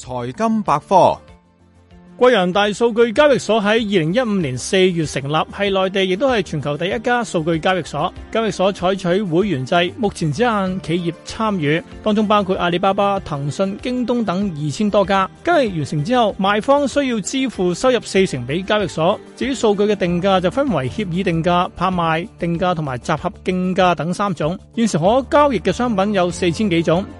財金百科，貴陽大數據交易所喺二零一五年四月成立，係內地亦都係全球第一家數據交易所。交易所採取會員制，目前只限企業參與，當中包括阿里巴巴、騰訊、京東等二千多家。交易完成之後，賣方需要支付收入四成俾交易所。至於數據嘅定價，就分為協議定價、拍賣定價同埋集合競價等三種。現時可交易嘅商品有四千幾種。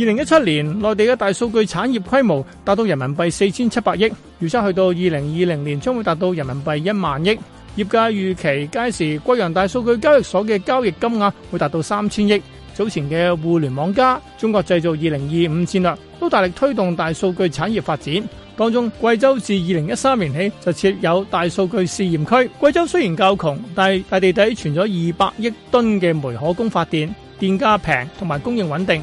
二零一七年，內地嘅大數據產業規模達到人民幣四千七百億，預測去到二零二零年將會達到人民幣一萬億。業界預期屆時貴陽大數據交易所嘅交易金額會達到三千億。早前嘅互聯網加、中國製造二零二五戰略都大力推動大數據產業發展。當中貴州自二零一三年起就設有大數據試驗區。貴州雖然較窮，但係大地底存咗二百億噸嘅煤可供發電，電價平同埋供應穩定。